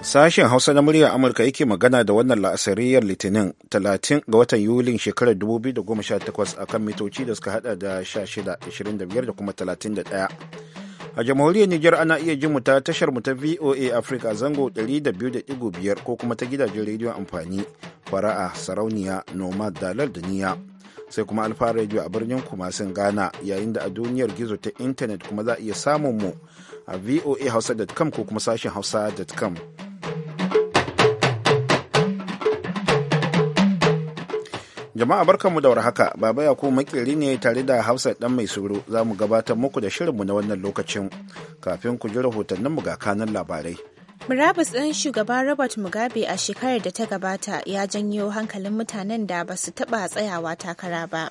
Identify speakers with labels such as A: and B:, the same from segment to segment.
A: Sashen Hausa na muryar Amurka yake magana da wannan la'asariyar Litinin 30 ga watan Yulin shekarar 2018 kan mitoci da suka hada da 1625 da kuma 31. a jamhuriyar Nijar ana iya jin mu ta tashar mu ta VOA Africa zango 200.5 ko kuma ta gidajen rediyon amfani fara'a sarauniya nomad dalar da niya sai kuma alfa radio a birnin kumasin ghana yayin da a duniyar gizo ta intanet kuma za a iya samun mu a voa voahausa.com ko kuma sashen hausa.com Jama'a barkanmu da warhaka, Baba Yakubu makeri ne tare da Hausa dan mai suru za mu gabatar muku da shirinmu na wannan lokacin kafin ku ji mu ga kanan labarai.
B: Murabus ɗin shugaba Robert Mugabe a shekarar da ta gabata ya janyo hankalin mutanen da ba su taɓa tsayawa takara ba.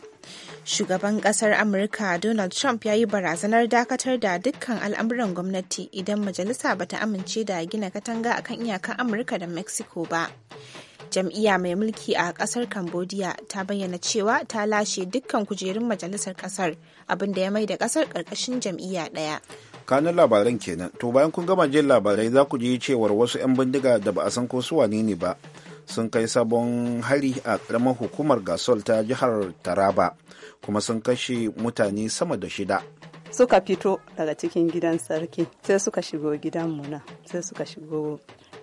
B: Shugaban ƙasar Amurka Donald Trump ya yi barazanar dakatar da dukkan al'amuran gwamnati idan majalisa bata amince da gina katanga akan iyakan Amurka da Mexico ba. jam'iyya mai mulki a kasar cambodia ta bayyana cewa ta lashe dukkan kujerun majalisar kasar abinda ya mai da kasar karkashin jam'iyya daya
A: kanan labaran kenan to bayan kun gama jin labarai za ku ji cewar wasu 'yan bindiga da ba a san ko su ne ba sun kai sabon hari a karamar hukumar gasol ta jihar taraba kuma sun kashe mutane sama da shida
C: suka fito daga cikin gidan sarki sai suka shigo gidan muna sai suka shigo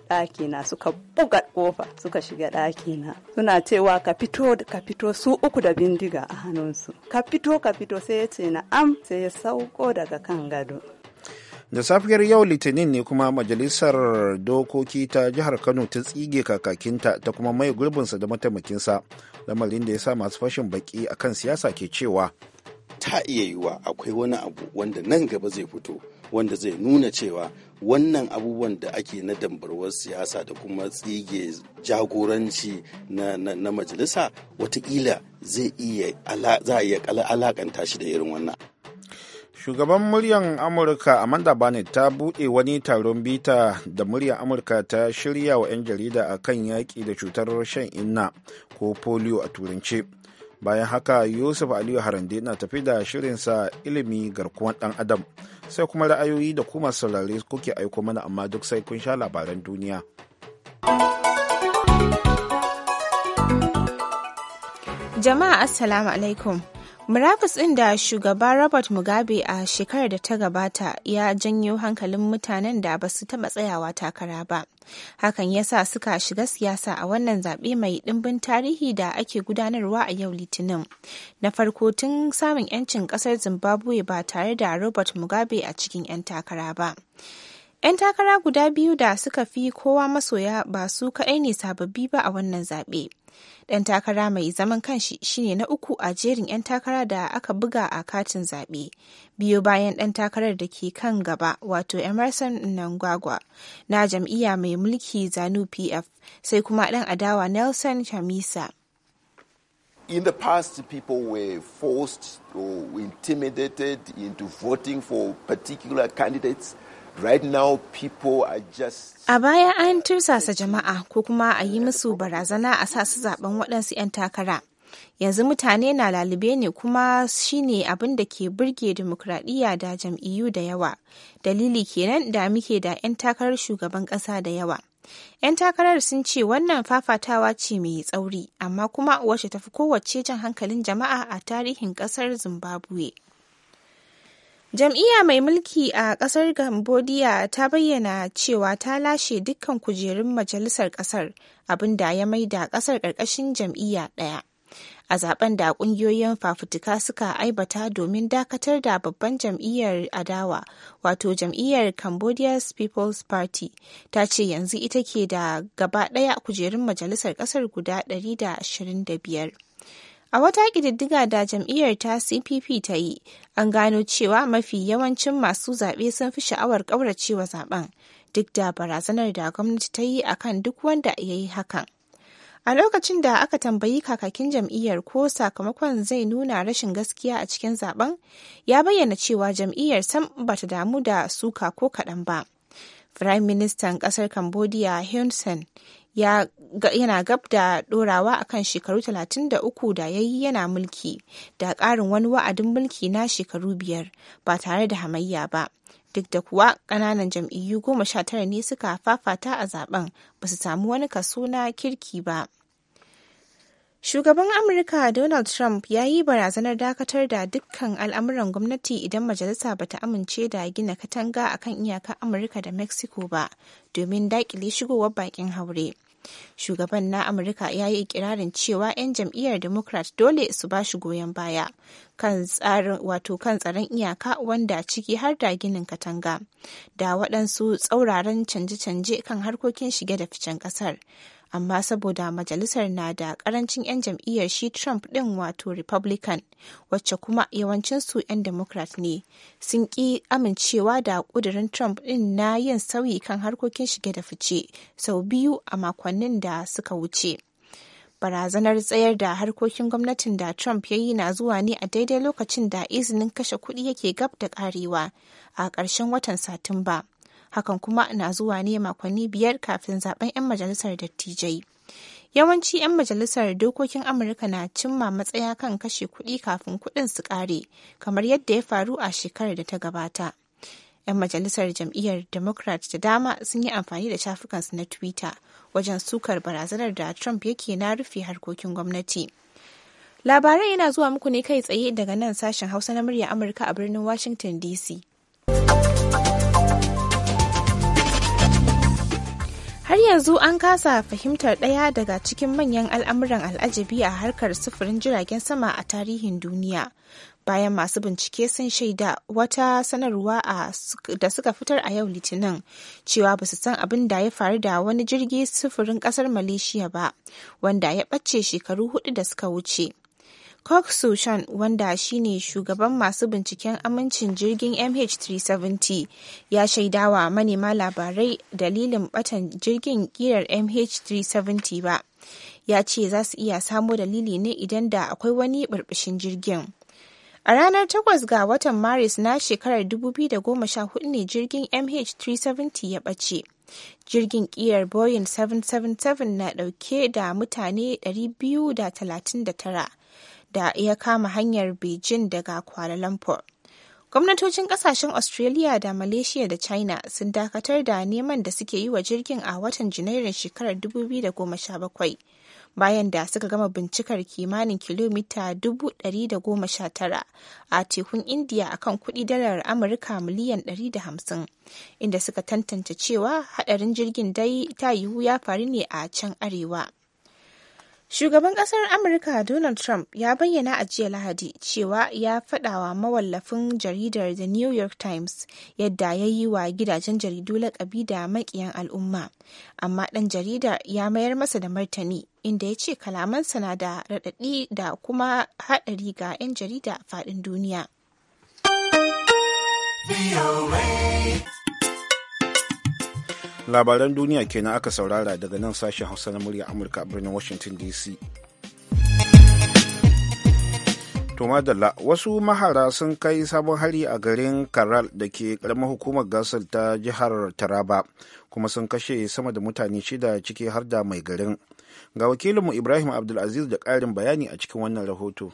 C: ɗakina suka buga kofa suka shiga ɗakina suna cewa ka fito ka fito su uku da bindiga a hannunsu ka fito ka fito sai ya ce na am sai ya sauko daga kan gado
A: da safiyar yau litinin ne kuma majalisar dokoki ta jihar kano ta tsige kakakinta ta kuma mai gurbinsa da mataimakinsa
D: lamarin da ya sa masu fashin baki akan siyasa ke cewa ta iya yiwuwa akwai wani abu wanda nan gaba zai fito wanda zai nuna cewa wannan abubuwan da ake na dambarwar siyasa da kuma tsige jagoranci na, majalisa watakila zai iya za a alakanta shi da irin wannan
A: shugaban muryan amurka amanda barnett ta buɗe wani taron bita da muryar amurka ta shirya wa 'yan jarida a kan yaƙi da cutar shan inna ko polio a turanci. bayan haka yusuf aliyu harande na tafi da shirinsa ilimi garkuwan dan adam sai kuma ra'ayoyi da kuma saurare kuke aiko mana amma duk sai kun sha labaran duniya
B: jama'a assalamu alaikum Murabus ɗin da shugaba Robert Mugabe a shekarar da ta gabata ya janyo hankalin mutanen da ba su taɓa tsayawa takara ba. Hakan ya sa suka shiga siyasa a wannan zaɓe mai ɗimbin tarihi da ake gudanarwa a yau Litinin. Na farko tun samun 'yancin ƙasar Zimbabwe ba tare da Robert Mugabe a cikin 'yan takara ba. 'Yan takara guda biyu da suka fi kowa masoya ba su kaɗai ne sababbi ba a wannan zaɓe. dan takara mai zaman kanshi shine na uku a jerin 'yan takara da aka buga a katin zaɓe, biyo bayan dan takarar da ke kan gaba wato Emerson nangwagwa na jam'iyya mai mulki Zanu PF, sai kuma dan adawa Nelson Chamisa.
D: In the past, people were forced or intimidated into voting for particular candidates. A
B: baya an tursasa jama'a ko kuma a yi musu barazana a sa su zaben waɗansu 'yan takara. Yanzu mutane na lalube ne kuma shine abin da ke burge demokradiyya da jam'iyyu da yawa. Dalili kenan da muke da 'yan takarar shugaban ƙasa da yawa. 'Yan takarar sun ce wannan fafatawa ce mai tsauri, amma kuma wacce tafi kowace jan hankalin jama'a a tarihin ƙasar Zimbabwe. Jam'iyya mai mulki a ƙasar Cambodia ta bayyana cewa ta lashe dukkan kujerun majalisar ƙasar da ya maida ƙasar ƙarƙashin jam'iyya ɗaya. A zaben da ƙungiyoyin fafutuka suka aibata domin dakatar da babban jam'iyyar adawa, wato jam'iyyar Cambodia's People's Party, ta ce yanzu ita ke da gaba ɗaya kujerun majalisar ƙasar guda 125. A wata ƙididdiga da jam'iyyar ta CPP ta yi, an gano cewa mafi yawancin masu zaɓe sun fi sha'awar ƙauracewa zaɓen, duk da barazanar da gwamnati ta yi akan duk wanda ya yi hakan. A lokacin da aka tambayi kakakin jam'iyyar ko sakamakon zai nuna rashin gaskiya a cikin zaben, ya bayyana cewa jam'iyyar sam ta damu da suka ko kaɗan ba. Firayim Ministan ƙasar Cambodia Hun Sen yana gab da ɗorawa akan shekaru 33 da ya yi yana mulki da ƙarin wani wa'adin mulki na shekaru biyar ba tare da hamayya ba duk da kuwa ƙananan jam'iyyu goma sha tara ne suka fafata a zaben ba su samu wani kaso na kirki ba Shugaban Amurka Donald Trump ya yi barazanar dakatar da dukkan al'amuran gwamnati idan majalisa ba ta amince da gina katanga a kan iyakar Amurka da Mexico ba domin daƙile shigowar bakin haure. Shugaban na Amurka ya yi ikirarin cewa 'yan jam'iyyar Democrat dole su ba shi goyon baya kan tsarin wato kan tsaron iyaka wanda ciki har da ginin katanga da waɗansu tsauraran canje-canje kan harkokin shige da ficen ƙasar. amma saboda majalisar na da karancin 'yan jam'iyyar shi Trump ɗin wato Republican, wacce kuma yawancin su 'yan Democrat ne, sun ƙi amincewa da ƙudurin Trump ɗin na yin sauyi kan harkokin shige da fice sau biyu a makonnin da suka wuce. barazanar tsayar da harkokin gwamnatin da Trump ya yi na zuwa ne a daidai lokacin da izinin kashe kuɗi yake gab da ƙarewa a ƙarshen watan Satumba. hakan kuma na zuwa ne makonni biyar kafin zaben 'yan majalisar dattijai. Yawanci 'yan majalisar dokokin Amurka na cimma matsaya kan kashe kuɗi kafin kuɗin su ƙare, kamar yadda ya faru a shekarar da ta gabata. 'Yan majalisar jam'iyyar Democrat da dama sun yi amfani da shafukansu na Twitter wajen sukar barazanar da Trump yake na rufe harkokin gwamnati. labarai yana zuwa muku ne kai tsaye daga nan sashen Hausa na murya Amurka a birnin Washington DC. har yanzu an kasa fahimtar ɗaya daga cikin manyan al'amuran al'ajabi a harkar sufurin jiragen sama a tarihin duniya bayan masu bincike sun shaida wata sanarwa da suka fitar a yau litinin cewa ba su san abin da ya faru da wani jirgi sufurin kasar malaysia ba wanda ya ɓace shekaru hudu da suka wuce Kok Sushan wanda shine shugaban masu binciken amincin jirgin MH370 ya shaidawa manema labarai dalilin batan jirgin girar MH370 ba. Ya ce za su iya samo dalili ne idan da akwai wani burbushin jirgin. A ranar takwas ga watan Maris na shekarar 2014 ne jirgin MH370 ya ɓace. Jirgin ƙiyar Boeing 777 na ɗauke da mutane 239 da ya kama hanyar Beijing daga Kuala Lumpur. Gwamnatocin kasashen Australia da Malaysia da China sun dakatar da neman da suke yi wa jirgin a watan Janairun shekarar 2017 bayan da suka gama bincikar kimanin kilomita 119 a tekun India akan kuɗi dalar Amurka miliyan 150 inda suka tantance cewa hadarin jirgin dai ta yiwu ya faru ne a can arewa. Shugaban ƙasar Amurka Donald Trump ya bayyana a jiya Lahadi cewa ya fadawa mawallafin jaridar The New York Times yadda ya yi wa gidajen jaridu laƙabi da maƙiyan al'umma, amma ɗan jarida ya mayar masa da martani inda ya ce kalamansa na da raɗaɗi da kuma haɗari ga 'yan jarida a faɗin duniya.
A: labaran duniya kenan aka saurara daga nan sashen hausa na murya amurka a birnin washington dc to madalla wasu mahara sun kai sabon hari a garin karal da ke karamar hukumar gasar ta jihar taraba kuma sun kashe sama da mutane shida ciki har da mai garin ga wakilinmu ibrahim abdulaziz da ƙarin bayani
E: a cikin wannan rahoto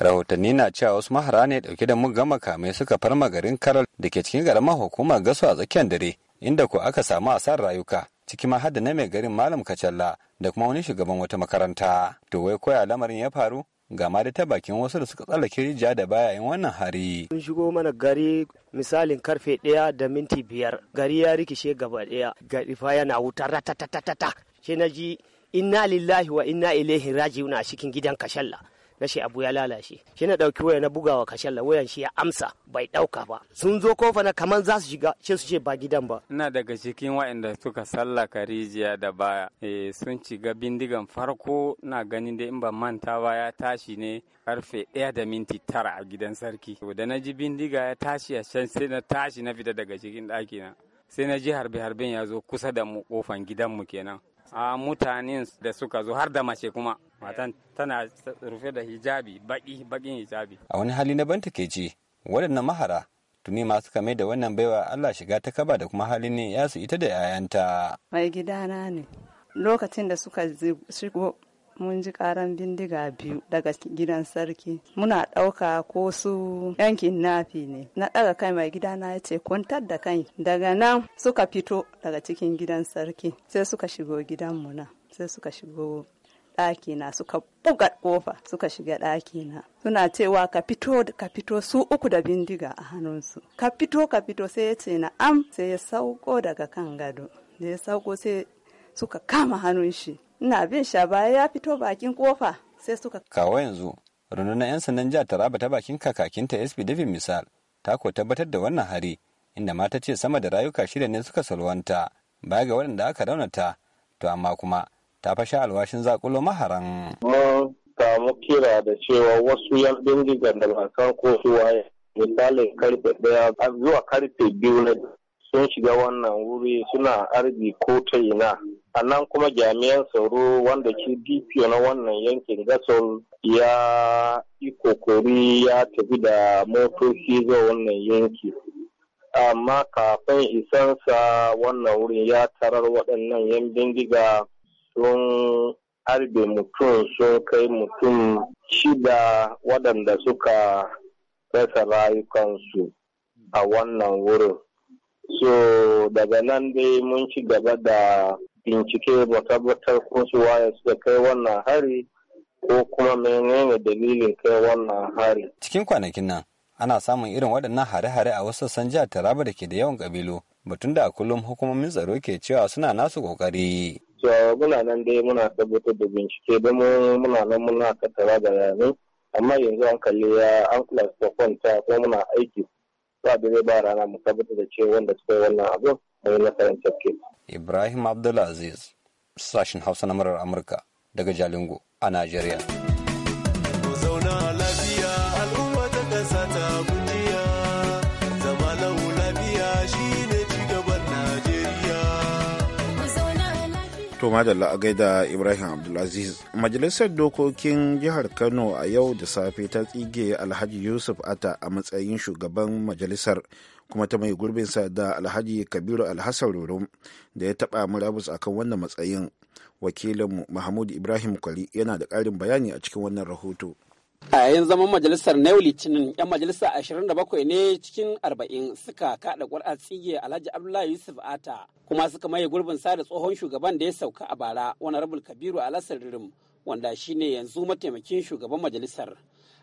E: rahotanni na cewa wasu mahara ne dauke da muga makamai suka farma garin karal da ke cikin karamar hukumar gasar a tsakiyar dare inda ko aka samu asar rayuka ciki ma hada na mai garin malam kacalla da kuma wani shugaban wata makaranta to wai koya lamarin ya faru ga ma da ta bakin wasu da suka tsallake rijiya da baya yin wannan hari. Sun shigo mana
F: gari misalin karfe ɗaya da minti biyar gari ya rikishe gaba ɗaya gari fa yana wuta ratatatata shi na ji inna lillahi wa inna ilaihi rajiuna a cikin gidan kashalla. na abu ya lalace shi na dauki waya na bugawa kashalla wayan shi ya amsa bai dauka ba sun zo kofa na kaman za su shiga shi su ce ba gidan ba.
E: ina daga cikin waɗanda suka salla karijiya da baya e, sun shiga bindigan farko na ganin da in ba manta ba ya tashi ne karfe ɗaya da minti tara a gidan sarki da na ji bindiga ya tashi a can sai na tashi na fita daga cikin na sai na ji harbe-harben ya zo kusa da mu kofan gidan mu kenan a mutanen da suka zo har da mace kuma matan tana rufe da hijabi baki bakin hijabi a wani hali na banta ke ci waɗannan mahara tuni masu kame da wannan baiwa Allah shiga ta kaba da kuma halin ne ya su ita da 'ya'yanta
C: mai gidana ne lokacin da suka shigo mun ji karan bindiga biyu daga gidan sarki muna ɗauka ko su yankin nafi ne na ɗaga kai mai gida na ya ce kwantar da kai daga nan suka fito daga cikin gidan sarki sai suka shigo gidanmu na sai suka shigo ɗakina suka buga ƙofa suka shiga na. suna cewa ka fito ka fito su uku da bindiga a hannunsu ka fito ka fito sai ya ce na am sai ya sauko daga kan gado da ya sauko sai suka kama hannun shi ina bin sha baya ya fito bakin kofa sai suka
E: kawo yanzu rundunar 'yan sandan jihar taraba ta bakin kakakinta sp david misal ta ko tabbatar da wannan hari inda mata ce sama da rayuka shida ne suka salwanta baya ga waɗanda aka raunata to amma kuma ta fasha alwashin zakulo maharan.
G: mun samu kira da cewa wasu yan bindigar da ba san misalin karfe daya zuwa karfe biyu na sun shiga wannan wuri suna arbi ko ta ina a nan kuma jami'an tsaro wanda ke dpo na wannan yankin gasol ya yi kokori ya tafi da motoci zuwa wannan yanki amma kafin isansa wannan wurin ya tarar waɗannan yan bindiga sun harbe mutum sun kai mutum shida waɗanda suka rasa rayukansu a wannan wurin So daga nan dai mun ci gaba da bincike ba tabbatar ko su waye suka kai wannan hari ko kuma menene dalilin kai wannan hari.
E: Cikin kwanakin nan ana samun irin waɗannan hare-hare a wasu sassan jihar Taraba da ke da yawan ƙabilu batun da a kullum hukumomin tsaro ke cewa suna nasu ƙoƙari.
G: So muna nan dai muna tabbatar da bincike da mu muna nan muna tattara da yanzu amma yanzu an kalli ya an kula kwanta ko muna aiki sa ba rana mu tabbatar da cewa wanda suka yi wannan abu mai nasarar tafke.
E: Ibrahim Abdulaziz, sashen Hausa na murar Amurka daga Jalingo a Najeriya.
A: To madalla a gaida Ibrahim Abdulaziz. Majalisar Dokokin Jihar Kano a yau da safe ta tsige Alhaji Yusuf ata a matsayin shugaban majalisar kuma ta mai gurbinsa da Alhaji Kabiru Alhassan Rurum da ya taɓa murabus akan wannan matsayin. Wakilin Mahmud Ibrahim Kwali yana da ƙarin bayani a cikin wannan rahoto.
H: a yayin zaman majalisar na litinin yan majalisa 27 ne cikin 40 suka kada ƙwar'a tsige alhaji abdullahi yusuf ata kuma suka maye gurbin sada tsohon shugaban da ya sauka a bara rabul kabiru a ririm wanda shine yanzu mataimakin shugaban majalisar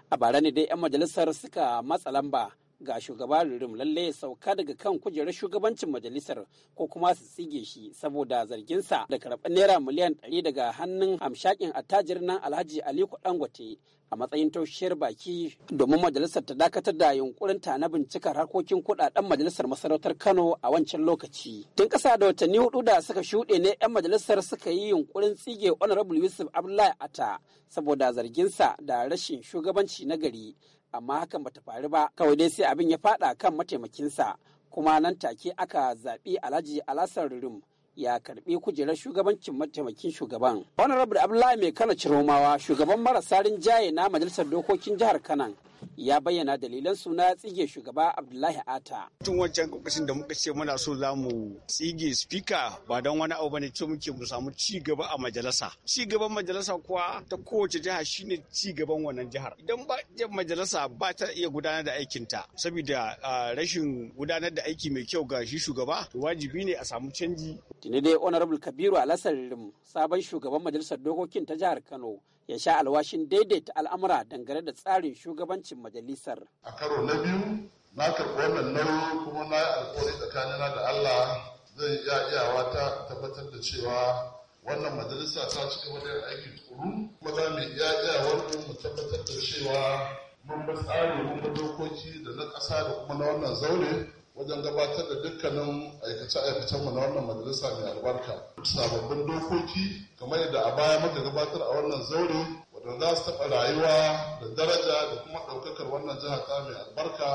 H: a bara ne dai yan majalisar suka matsa lamba ga shugaba Rim lalle ya sauka daga kan kujerar shugabancin majalisar ko kuma su tsige shi saboda zarginsa da karɓar naira miliyan ɗari daga hannun hamshakin attajirin nan Alhaji Aliko Dangote a matsayin taushiyar baki domin majalisar ta dakatar da yunkurin ta na bincikar harkokin kudaden majalisar masarautar Kano a wancan lokaci. Tun ƙasa da watanni hudu da suka shuɗe ne 'yan majalisar suka yi yunkurin tsige Honorable Yusuf Abdullahi ata saboda zarginsa da rashin shugabanci na gari amma hakan bata faru ba kawai dai sai abin ya fada kan mataimakinsa kuma nan take aka zaɓi alhaji alasan rurum ya karɓi kujerar shugabancin mataimakin shugaban honorable abdullahi mai kana ciromawa shugaban marasa rinjaye na majalisar dokokin jihar kanan ya bayyana dalilan suna na tsige shugaba Abdullahi Ata.
E: Tun wancan kokashin da muka ce muna so za mu tsige spika ba don wani abu bane ce muke mu samu ci gaba a majalisa. Ci gaban majalisa kuwa ta kowace jiha shine ci gaban wannan jihar. Idan ba majalisa ba ta iya gudanar da aikin ta saboda rashin gudanar da aiki mai kyau ga shi shugaba wajibi ne a samu canji. tunde dai Honorable
H: Kabiru Alassar sabon shugaban majalisar dokokin ta jihar Kano ya sha alwashin daidaita al'amura dangane da tsarin shugabancin majalisar. A karo na biyu na karɓi wannan nauyi kuma na yi alkawari
I: tsakanina da Allah zan iya iyawa ta tabbatar da cewa wannan majalisa ta ci gaba da aiki tsoro kuma za mu iya iyawar
E: mu tabbatar da
I: cewa mun ba tsari mun ba dokoki da na ƙasa da kuma na wannan zaune wajen gabatar da dukkanin aikace-aikacen mu na wannan majalisa mai albarka sababbin dokoki kamar yadda a baya muka gabatar a wannan zaure wadanda za su taɓa rayuwa da daraja da kuma ɗaukakar wannan jiha ta mai albarka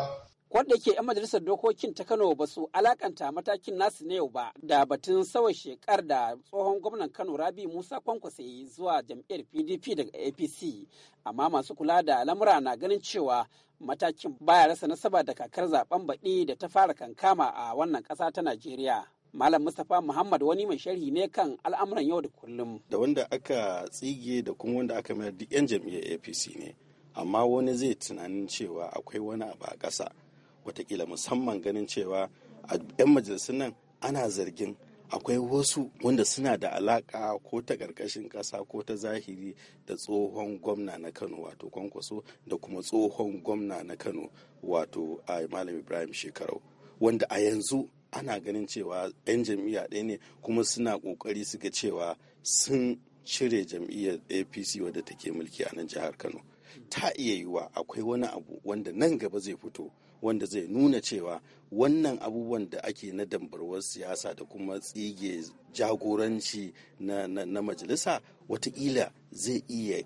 H: Wanda ke 'yan majalisar dokokin ta Kano ba su alakanta matakin nasu na yau ba da batun sawa shekar da tsohon gwamnan Kano Rabi Musa Kwankwasa zuwa jam'iyyar PDP daga APC. Amma masu kula da lamura na ganin cewa matakin baya rasa nasaba da kakar zaben baɗi da ta fara kankama a wannan ƙasa ta Najeriya. Malam Mustapha Muhammad wani mai sharhi
D: ne kan al'amuran yau da kullum. Da wanda aka tsige da kuma wanda aka mayar duk 'yan jam'iyyar APC ne. Amma wani zai tunanin cewa akwai wani abu a ƙasa. watakila musamman ganin cewa a 'yan majalisun nan ana zargin akwai wasu wanda suna da alaka ko ta ƙarƙashin ƙasa ko ta zahiri da tsohon gwamna na kano wato kwankwaso da kuma tsohon gwamna na kano wato a malam ibrahim shekarau wanda a yanzu ana ganin cewa 'yan jam'iyya ɗaya ne kuma suna ƙoƙari suka cewa sun cire jam'iyyar apc wadda take mulki a nan jihar kano ta iya yiwa akwai wani abu wanda nan gaba zai fito wanda zai nuna cewa wannan abubuwan da ake na dambarwar siyasa da kuma tsige jagoranci na, na, na majalisa watakila zai iya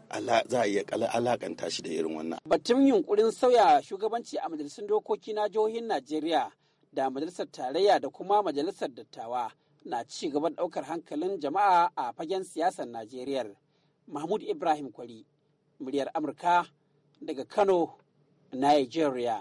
D: za a iya alakanta shi da irin wannan.
H: Batun yunkurin sauya shugabanci a majalisun dokoki na jihohin Najeriya da majalisar tarayya da kuma majalisar dattawa na ci gaban ɗaukar hankalin jama'a a fagen siyasar Najeriya. Mahmud Ibrahim Kwari, muryar Amurka daga Kano, Nigeria.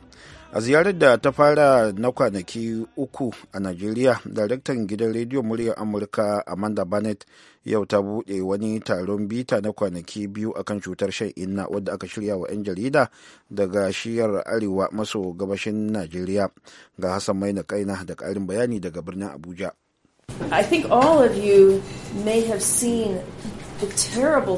A: a ziyarar da ta fara na kwanaki uku a najeriya daraktan gidan rediyo muryar amurka amanda barnett yau ta bude wani taron bita na kwanaki biyu akan cutar shan inna wadda aka shirya wa 'yan jarida daga shiyar arewa maso gabashin najeriya ga hassan maina kaina da karin bayani daga birnin abuja
B: the terrible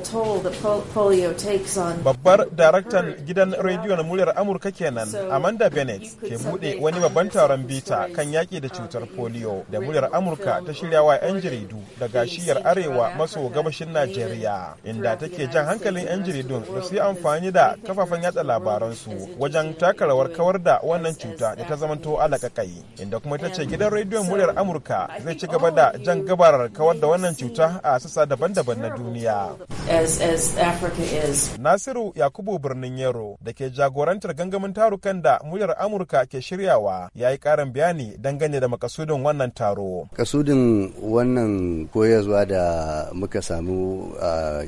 I: Babbar daraktan gidan rediyon muryar Amurka kenan Amanda Bennett ke bude wani babban taron bita kan yaki da cutar polio da muryar Amurka ta shirya wa 'yan jaridu daga shiyar arewa maso gabashin Najeriya inda take jan hankalin 'yan jaridun da su yi amfani da kafafen yatsa labaransu wajen taka rawar kawar da wannan cuta da ta zamanto alakakai inda kuma ta ce gidan rediyon muryar Amurka zai ci gaba da jan gabar kawar da wannan cuta a sassa daban-daban na duniya. duniya. Nasiru Yakubu Birnin Yero da ke jagorantar gangamin tarukan da muryar Amurka ke shiryawa ya yi karin bayani dangane da makasudin wannan taro.
E: Kasudin wannan koyarwa da muka samu a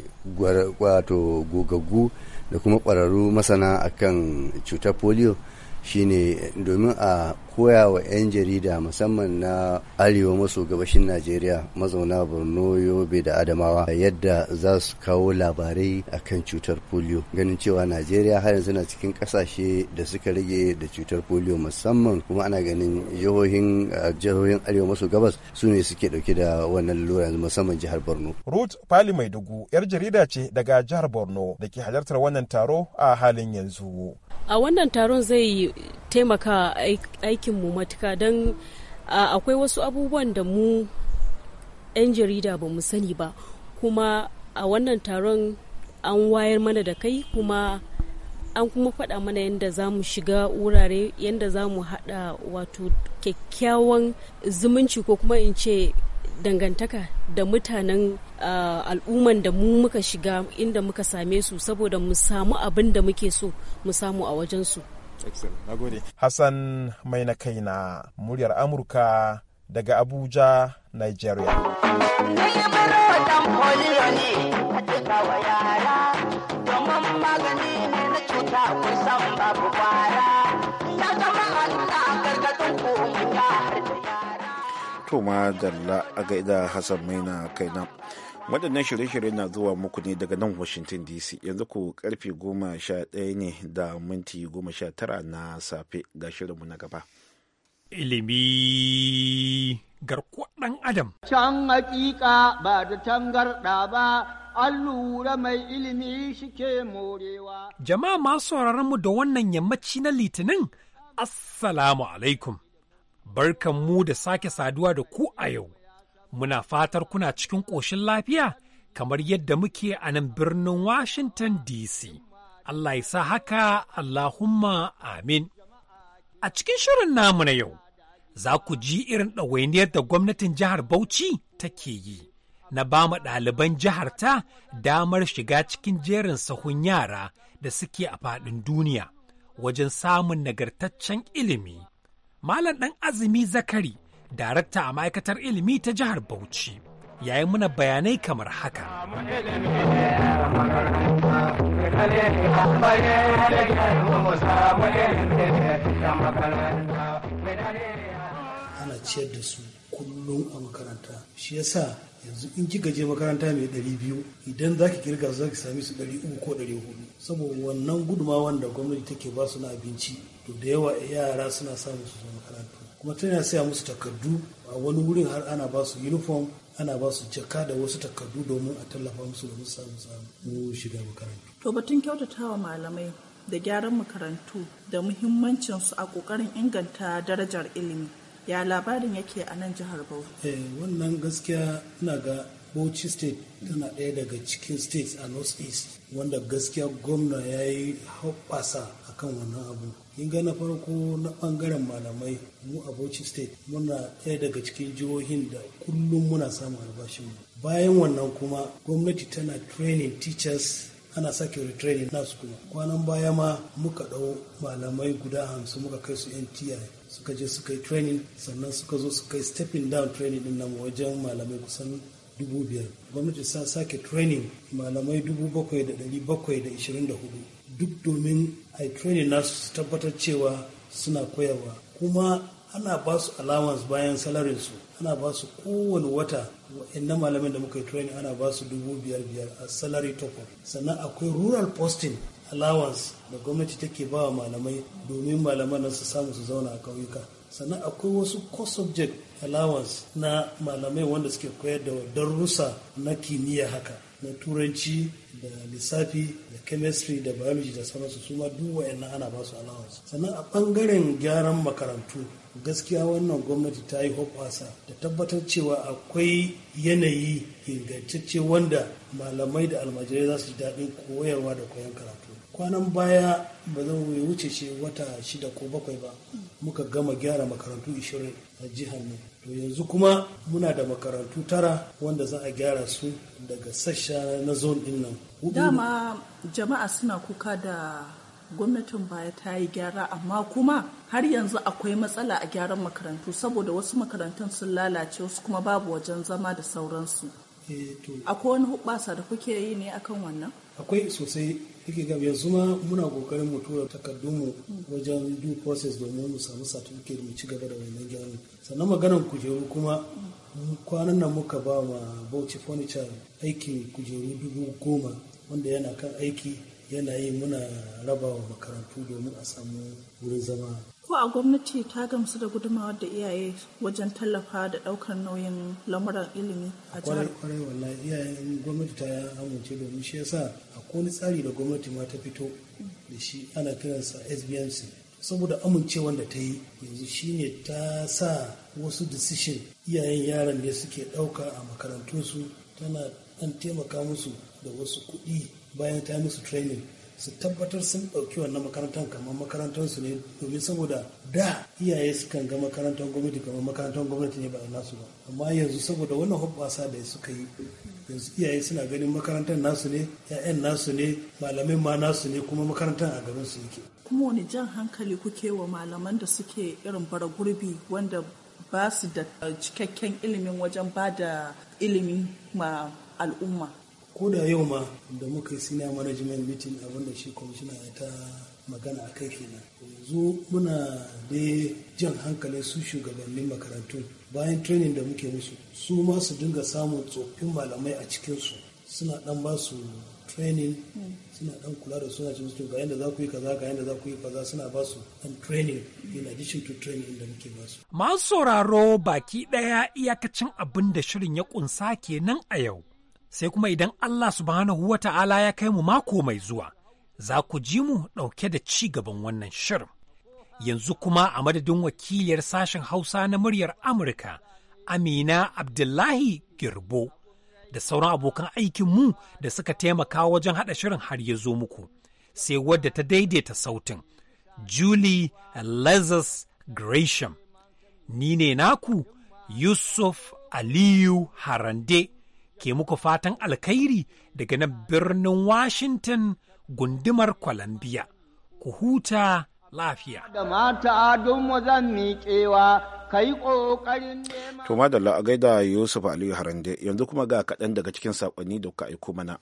E: wato gogaggu da kuma kwararru masana akan cutar polio. shine domin a koya wa 'yan jarida musamman na arewa maso gabashin najeriya mazauna borno yobe da adamawa yadda za su kawo labarai akan cutar polio ganin cewa najeriya har yanzu na cikin kasashe da suka rage da cutar polio musamman kuma ana ganin jihohin jihohin arewa maso gabas su ne suke dauke da wannan lura musamman jihar borno ruth pali mai
I: dugu yar jarida ce daga jihar borno da ke halartar wannan taro a halin yanzu
J: a wannan taron zai taimaka aikin mu matuka don akwai wasu abubuwan da mu 'yan jarida ba mu sani ba kuma a wannan taron an wayar mana da kai kuma an kuma faɗa mana yadda za mu shiga wurare yadda za mu haɗa wato kyakkyawan zumunci ko kuma in ce dangantaka da mutanen uh, al'umman da mu muka shiga inda muka same su saboda mu samu abin da muke so mu samu a wajensu.
I: Hassan mai na kaina muryar Amurka daga Abuja, Nigeria.
J: yara, domin
A: to ma dalla a gaida hassan maina na waɗannan shirye-shirye na zuwa muku ne daga nan washington dc yanzu ku karfe goma sha ɗaya ne da minti goma sha tara na safe ga shirinmu na gaba
K: ilimi garkuwar ɗan adam
G: can hakika ba da tangarɗa ba
E: an lura mai ilimi shike morewa
K: jama'a masu sauraron mu da wannan yammaci na litinin assalamu alaikum barkan mu da sake saduwa da ku a yau. Muna fatar kuna cikin ƙoshin lafiya kamar yadda muke a nan birnin Washington DC. Allah ya sa haka Allahumma amin. A cikin shirin namu na yau, za ku ji irin ɗawainiyar da gwamnatin jihar Bauchi take yi. Na ba mu ɗaliban jihar ta damar shiga cikin jerin sahun yara da suke a faɗin duniya wajen samun nagartaccen ilimi. Malam ɗan Azumi Zakari, darakta a ma'aikatar ilimi ta jihar Bauchi, ya yi muna bayanai kamar haka. Ana ciyar da su kullum a makaranta
F: shi yasa yanzu in kika je makaranta mai ɗari biyu idan za ki kirga za ki sami su ɗari uku ko ɗari hudu saboda wannan gudumawan da gwamnati take ba su na abinci to da yawa yara suna samun su makarantu kuma tana saya musu takardu a wani wurin har ana ba su uniform ana ba su jaka da wasu takardu domin a tallafa musu domin samu samu shiga makarantu.
L: To batun kyautatawa malamai da gyaran makarantu da muhimmancinsu a ƙoƙarin inganta darajar ilimi. ya labarin yake a nan jihar bauchi
F: eh wannan gaskiya ina ga bauchi state tana ɗaya daga cikin states a north east wanda gaskiya gwamna ya yi haɓasa a kan wannan abu inga na farko na ɓangaren malamai mu a bauchi state muna ɗaya daga cikin jihohin da kullum muna samun albashin bayan wannan kuma gwamnati tana training teachers ana sake retraining nasu kuma kwanan baya ma muka ɗau malamai guda hamsin muka kai su nti suka je suka yi training sannan suka zo suka yi stepping down training din nan wajen malamai kusan dubu biyar gwamnati sa sake training malamai dubu bakwai da ɗari bakwai da ishirin da hudu duk domin a training nasu su tabbatar cewa suna koyarwa kuma ana ba su allowance bayan salarin su ana ba su kowane wata wa'annan malamin da muka yi training ana ba su dubu biyar biyar a salary top sannan akwai rural posting allowance da gwamnati take ba wa malamai domin malaman nan su samu su zauna a kauyuka sannan akwai wasu course subject allowance na malamai wanda suke koyar da darussa na kimiyya haka na turanci da lissafi da chemistry da biology da sauransu su ma duk na ana basu su sannan a bangaren gyaran makarantu gaskiya wannan gwamnati ta yi hoɓasa da tabbatar cewa akwai yanayi ingantacce wanda malamai da almajirai za su ji daɗin koyarwa da koyon karatu kwanan baya ba zan wuce ce wata shida ko bakwai ba muka gama gyara makarantu 20 a jihar nan to yanzu kuma muna da makarantu tara wanda za a gyara su daga sasha na zone din nan dama
L: jama'a suna kuka da gwamnatin baya ta yi gyara amma kuma har yanzu akwai matsala a gyaran makarantu saboda wasu makarantun sun lalace wasu kuma babu wajen zama da sauransu eh, akwai wani hubasa da kuke yi ne akan wannan
F: akwai sosai yake ga yanzu ma muna kokarin mu tura mu wajen due process domin mu samu certificate mu ci gaba da wannan gyaran sannan maganar kujeru kuma kwanan nan muka ba ma bauchi furniture aikin kujeru dubu goma wanda yana kan aiki yanayi muna raba wa makarantu domin a samu wurin zama
L: ko a gwamnati ta gamsu da gudunmawar da iyaye wajen tallafa da daukar nauyin lamuran ilimi a jihar
F: kwarai wallahi iyayen gwamnati ta amince domin shi yasa a wani tsari da gwamnati ma ta fito da shi ana kiransa sbmc saboda amincewan da ta yi yanzu shine ta sa wasu decision iyayen yaran ne suke ɗauka a makarantunsu tana an taimaka musu da wasu kuɗi bayan ta yi musu training su tabbatar sun ɗauki wannan makarantar kamar makarantar su ne domin saboda da iyaye sukan ga makarantar gwamnati kamar makarantar gwamnati ne ba a nasu ba amma yanzu saboda wannan hoɓɓasa da suka yi yanzu iyaye suna ganin makarantar nasu ne 'ya'yan nasu ne malamai ma nasu ne kuma makarantar a garin su yake
L: kuma wani jan hankali kuke wa malaman da suke irin bara gurbi wanda ba su da cikakken ilimin wajen ba da ilimi ma al'umma ko da
F: yau ma da muka yi senior management meeting abinda shi kwamishina ya ta magana a kai kenan yanzu muna da jan hankali su shugabannin makarantu bayan training da muke musu su ma su dinga samun tsoffin malamai a cikinsu suna dan ba su training suna dan kula da suna cikin su ga yadda za ku yi kaza ga yadda za ku yi kaza suna ba su dan training in addition to training da muke ba su
K: masu sauraro baki daya iyakacin abin da shirin ya kunsa kenan a yau sai kuma idan Allah subhanahu wa ta'ala ya kai mu mako mai zuwa, za ku ji mu ɗauke da ci gaban wannan shirin. Yanzu kuma a madadin wakiliyar sashen Hausa na muryar Amurka, Amina Abdullahi Girbo, da sauran abokan aikin mu da suka taimaka wajen haɗa shirin har ya zo muku, sai wadda ta daidaita sautin, Julie Lazarus Gresham. Ni ne naku, Yusuf Aliyu Harande. ke muku fatan alkhairi daga na birnin Washington gundumar Columbia. Ku huta lafiya.
E: Da mata adon zan miƙewa kai ƙoƙarin
H: nema.
A: To da la'agai da Yusuf Aliyu Harande yanzu kuma ga kaɗan daga cikin saƙonni da kuka aiko mana.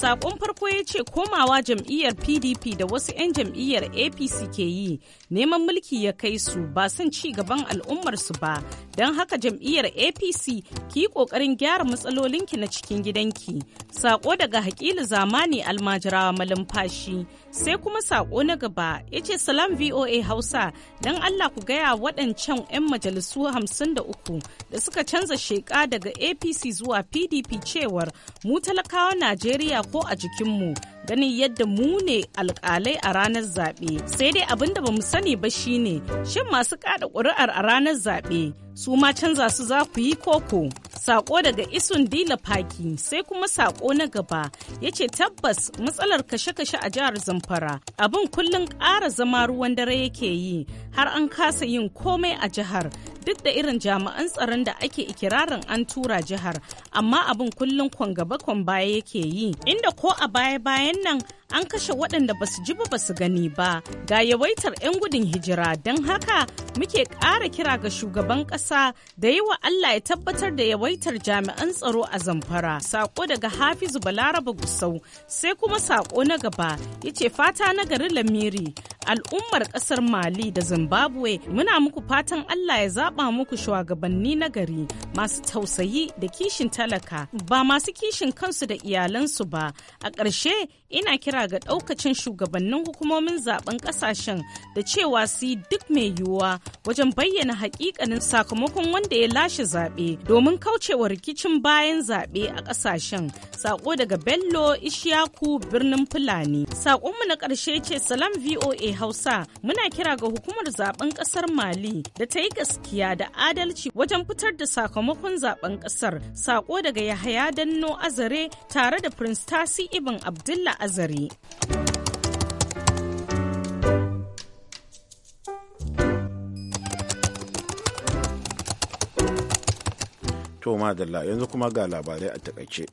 J: Sakon farko ya ce komawa jam'iyyar PDP da wasu 'yan jam'iyyar APC ke yi neman mulki ya kai su ba son ci gaban al'ummarsu ba don haka jam'iyyar APC ki kokarin gyara matsalolinki na cikin gidanki. Sako daga hakilu zamani almajirawa fashi sai kuma sako na gaba ya ce salam VOA Hausa don Allah ku gaya waɗancan 'yan majalisu 53 da suka canza sheƙa daga APC zuwa PDP cewar mu talakawa Najeriya ko a jikinmu ganin yadda mu ne alkalai a ranar zaɓe sai dai abin da ba mu sani ba shine shin masu kada ƙuri'ar a ranar zaɓe su ma canza su za ku yi koko sako daga isun dila paki, sai kuma sako na gaba ya ce tabbas matsalar kashe-kashe a jihar zamfara abin kullum ƙara zama ruwan dare yake yi har an kasa yin komai a jihar duk da irin jami'an tsaron da ake ikirarin an tura jihar amma abin kullum kwan gaba kwan baya yake yi inda ko a baya bayan ng an kashe waɗanda ba su ji ba su gani ba ga yawaitar 'yan gudun hijira don haka muke ƙara kira ga shugaban ƙasa da yi wa Allah ya tabbatar da yawaitar jami'an tsaro a zamfara sako daga hafizu balaraba gusau sai kuma sako na gaba ya ce fata na gari lamiri al'ummar ƙasar mali da zimbabwe muna muku fatan Allah ya zaɓa muku shugabanni na gari masu tausayi da kishin talaka ba masu kishin kansu da iyalansu ba a ƙarshe ina kira kira ga daukacin shugabannin hukumomin zaben kasashen da cewa su yi duk mai yiwuwa wajen bayyana hakikanin sakamakon wanda ya lashe zaɓe domin kaucewa rikicin bayan zaɓe a kasashen sako daga bello ishiyaku birnin fulani sakonmu na ƙarshe ce salam voa hausa muna kira ga hukumar zaben ƙasar mali da ta yi gaskiya da adalci wajen fitar da sakamakon zaben ƙasar sako daga yahaya danno azare tare da prince tasi ibn abdullah azare
A: To madalla yanzu kuma ga labarai a takaice.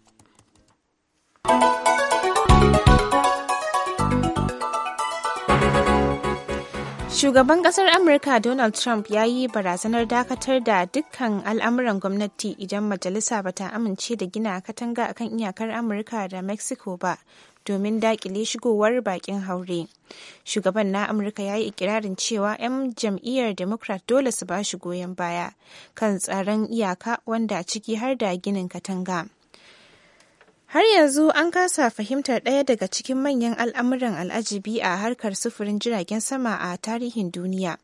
B: Shugaban kasar Amurka Donald Trump ya yi barazanar dakatar da dukkan al'amuran gwamnati idan majalisa bata amince da gina katanga akan iyakar Amurka da Mexico ba, domin dakile shigowar bakin haure. Shugaban na Amurka ya yi ikirarin cewa 'yan jam'iyyar Democrat dole su ba shi goyon baya kan tsaron iyaka wanda ciki har da ginin katanga. Har yanzu an kasa fahimtar ɗaya daga cikin manyan al'amuran al'ajibi a harkar sufurin jiragen sama a tarihin duniya.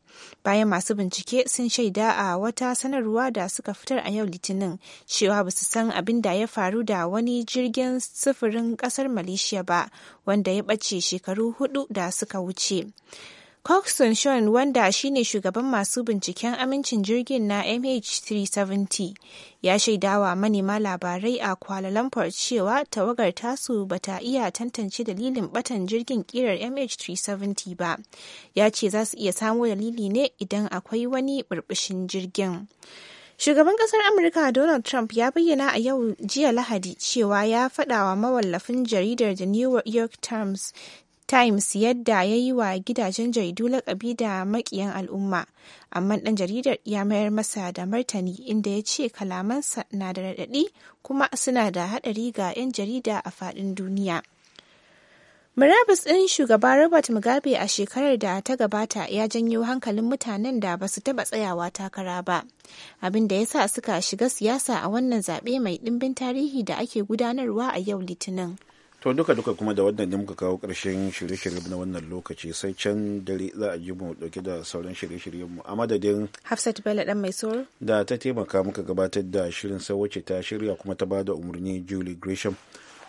B: Bayan masu bincike sun shaida a wata sanarwa da suka fitar a yau Litinin cewa ba su san abin da ya faru da wani jirgin sufurin ƙasar Malaysia ba, wanda ya ɓace shekaru hudu da suka wuce. Coxon Sean wanda shine shugaban masu binciken amincin jirgin na MH370 ya shaidawa manema labarai a Kuala Lumpur cewa tawagar tasu bata iya tantance dalilin batan jirgin kirar MH370 ba. Ya ce za su iya samo dalili ne idan akwai wani burbushin jirgin. Shugaban kasar Amurka Donald Trump ya bayyana a yau jiya Lahadi cewa ya faɗawa mawallafin jaridar The New York Times Times yadda ya yi wa gidajen jaridu lakabi da makiyan al'umma, amma ɗan jaridar ya mayar masa da martani inda ya ce kalamansa na da raɗaɗi kuma suna da haɗari ga 'yan jarida a faɗin duniya. Murabus ɗin shugaba Robert Mugabe a shekarar da ta gabata ya janyo hankalin mutanen da ba su taɓa tsayawa takara ba, abin da ya sa suka shiga siyasa a wannan zaɓe mai ɗimbin tarihi da ake gudanarwa a yau Litinin.
A: to duka duka kuma da wannan ne muka kawo ƙarshen shirye-shirye na wannan lokaci sai can dare za a ji mu dauke da sauran shirye-shiryen mu a madadin
B: Hafsat Bello dan mai tsoro.
A: da ta taimaka muka gabatar da shirin sai wacce ta shirya kuma ta bada umarni Julie Gresham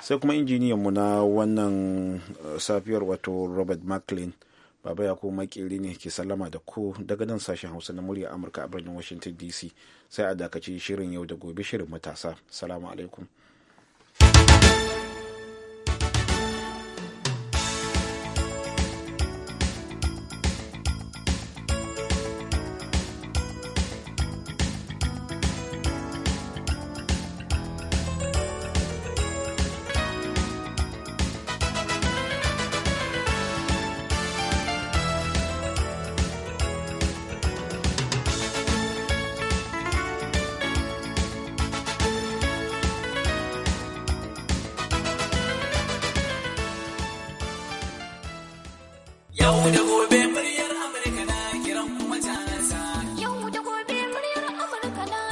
A: sai kuma injiniyan mu na wannan eh, safiyar wato Robert Macklin baba ya kuma makeri ne ke sallama da ku daga nan sashen Hausa na murya Amurka a birnin Washington DC sai a dakaci shirin yau da gobe shirin matasa salamu alaikum